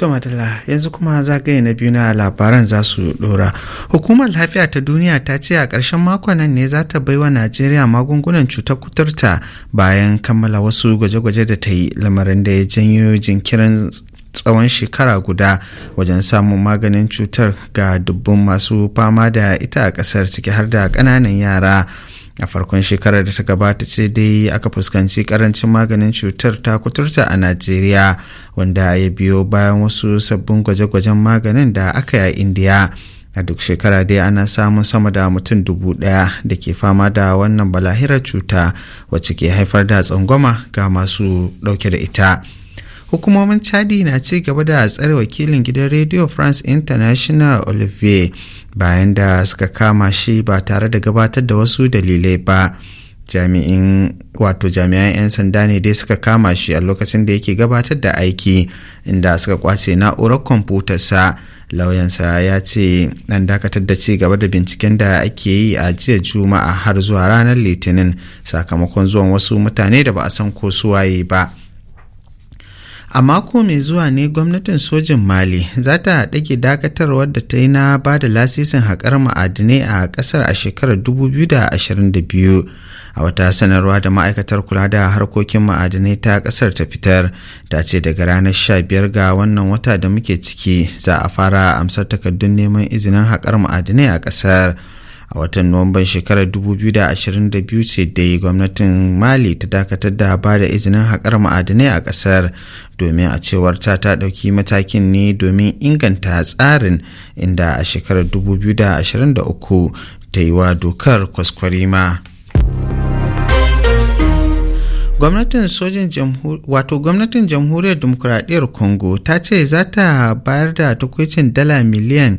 to madalla yanzu kuma zagaye na biyu na labaran za su dora hukumar lafiya ta duniya ta ce a ƙarshen makon nan ne za ta baiwa najeriya magungunan cutar kuturta bayan kammala wasu gwaje-gwaje da ta yi lamarin da ya janyo jinkirin tsawon shekara guda wajen samun maganin cutar ga dubbin masu fama da ita a ƙasar ciki har da ƙananan yara a farkon shekarar da ta gabata ce dai aka fuskanci karancin maganin cutar ta kuturta a najeriya wanda ya biyo bayan wasu sabbin gwaje-gwajen maganin da aka yi a indiya a duk shekara dai ana samun sama da mutum dubu daya da ke fama da wannan balahirar cuta wacce ke haifar da tsangwama ga masu dauke da ita hukumomin chadi na ci gaba da tsare wakilin gidan radio france international olivier bayan da suka kama shi ba tare da gabatar da wasu dalilai ba jami'in wato jami'an 'yan sanda ne dai suka kama shi a lokacin da yake gabatar da aiki inda suka kwace na'urar kwamfutarsa lauyansa ya ce ɗan dakatar da ci gaba da binciken da ake yi a jiya juma'a har zuwa ranar litinin sakamakon zuwan wasu mutane da ba a san ko suwaye ba a mako mai zuwa ne gwamnatin sojin mali za ta ɗage dakatarwar da ta yi na ba da lasisin haƙar ma'adinai a ƙasar a shekarar 2022 a wata sanarwa da ma'aikatar kula da harkokin ma'adinai ta ƙasar ta fitar ta ce daga ranar 15 ga wannan wata da muke ciki za a fara amsar takardun neman izinin haƙar ma'adinai a ƙasar. a watan nuwamban shekarar 2022 ce dai gwamnatin mali ta dakatar da ba da izinin haƙar ma'adanai a ƙasar domin a cewar ta ta ɗauki matakin ne domin inganta tsarin inda a shekarar 2023 ta yi wa dokar kwaskwarima. gwamnatin wato gwamnatin jamhuriyar demokuraɗiyar congo ta ce za ta bayar da takwicin dala miliyan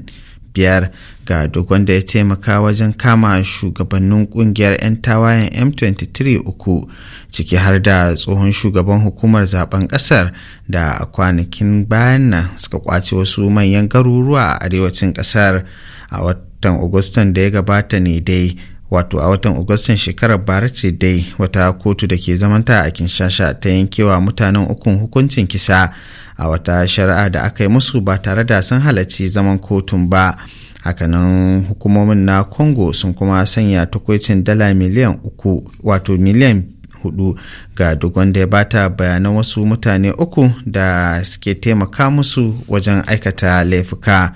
biyar ga duk wanda ya taimaka wajen kama shugabannin kungiyar 'yan tawayen m23 uku ciki har da tsohon shugaban hukumar zaben kasar da kwanakin bayan nan suka kwace wasu manyan garuruwa a arewacin kasar a watan agustan da ya gabata ne dai wato a watan agustan shekarar bara ce dai wata kotu da ke zamanta a kinshasa ta yankewa mutanen ukun hukuncin kisa a wata shari'a da aka yi musu ba tare da sun halarci zaman kotun ba hakanan hukumomin na congo sun kuma sanya tukwacin dala miliyan uku wato miliyan hudu ga duk wanda ya bata bayanan wasu mutane uku da suke taimaka musu wajen aikata laifuka.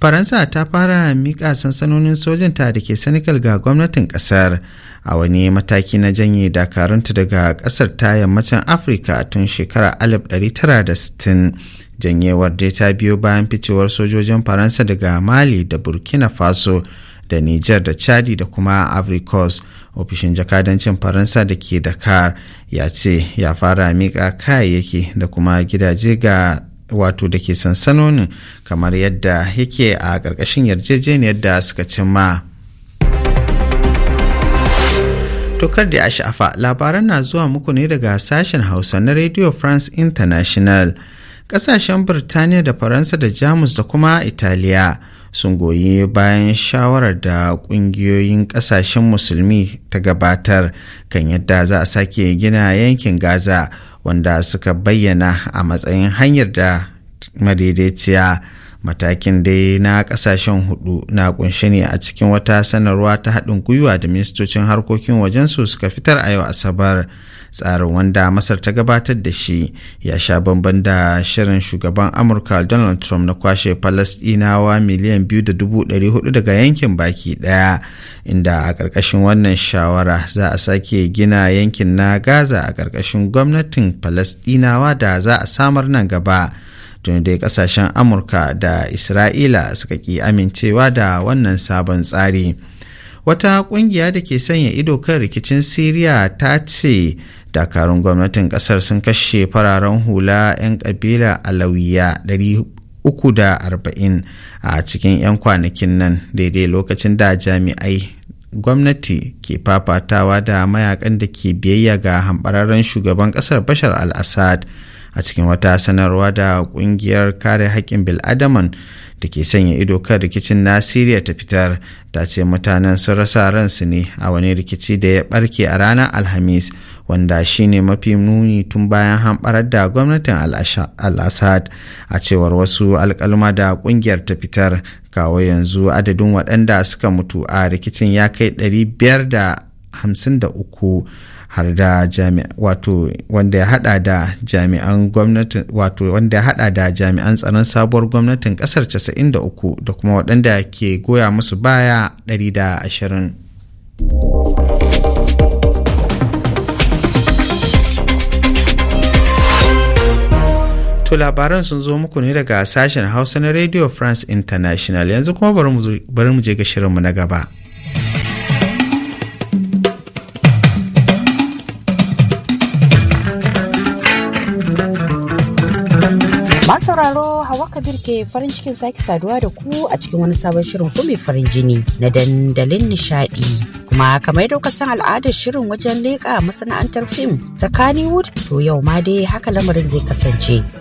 faransa ta fara miƙa sansanonin sojanta da ke senegal ga gwamnatin ƙasar a wani mataki na janye dakarunta daga ƙasar ta yammacin afirka tun shekara 1960 janyewar dai ta biyo bayan ficewar sojojin faransa daga mali da burkina faso da niger da chadi da kuma africos ofishin jakadancin faransa da ke dakar ya ce ya fara miƙa kayayyaki da kuma gidaje ga wato da ke sansanonin kamar yadda yake a ƙarƙashin yarjejeniyar da suka cimma. Tokar da ya sha'afa labaran na zuwa muku ne daga sashen Hausa na Radio France International. Ƙasashen Birtaniya da Faransa da Jamus da kuma Italiya sun goyi bayan shawarar da ƙungiyoyin ƙasashen musulmi ta gabatar kan yadda za a sake gina yankin Gaza. wanda suka bayyana a matsayin hanyar da madaidaiciya matakin dai na kasashen hudu na kunshe ne a cikin wata sanarwa ta haɗin gwiwa da ministocin harkokin wajensu suka fitar a yau asabar tsarin wanda masar ta gabatar da shi ya sha bamban da shirin shugaban amurka donald trump na kwashe falasɗinawa miliyan biyu da hudu daga yankin baki ɗaya inda a ƙarƙashin wannan shawara za a sake gina yankin na gaza a ƙarƙashin gwamnatin falasɗinawa da za a samar nan gaba tun dai kasashen amurka da isra'ila suka ki amincewa da wannan sabon tsari wata kungiya da ke sanya ido kan rikicin siriya ta ce dakarun gwamnatin kasar sun kashe fararen hula 'yan kabila alawiya 340 a cikin 'yan kwanakin nan daidai lokacin da jami'ai gwamnati ke fafatawa da mayakan da ke biyayya ga hambararren shugaban kasar bashar al-assad a cikin wata sanarwa da kungiyar kare haƙƙin bil'adaman da ke sanya ido kan rikicin na ta fitar ta ce mutanen sun rasa ransu ne a wani rikici da ya barke a ranar alhamis wanda shine mafi nuni tun bayan hamɓarar da gwamnatin al a cewar wasu alkalma da kungiyar ta fitar kawo yanzu adadin waɗanda suka mutu a rikicin ya kai 553 har da wato wanda ya hada da jami'an gwamnati wato wanda ya hada da jami'an tsaron sabuwar gwamnatin kasar 93 da kuma waɗanda ke goya musu baya 120 To labaran sun zo muku ne daga sashen Hausa na Radio France International yanzu kuma bari mu je ga shirinmu na gaba. sauraro hawa kabir ke farin cikin sake saduwa da ku a cikin wani sabon shirin ku mai farin jini na dandalin nishadi kuma kamar yadda san al'adar shirin wajen leƙa masana'antar fim ta kannywood to yau ma dai haka lamarin zai kasance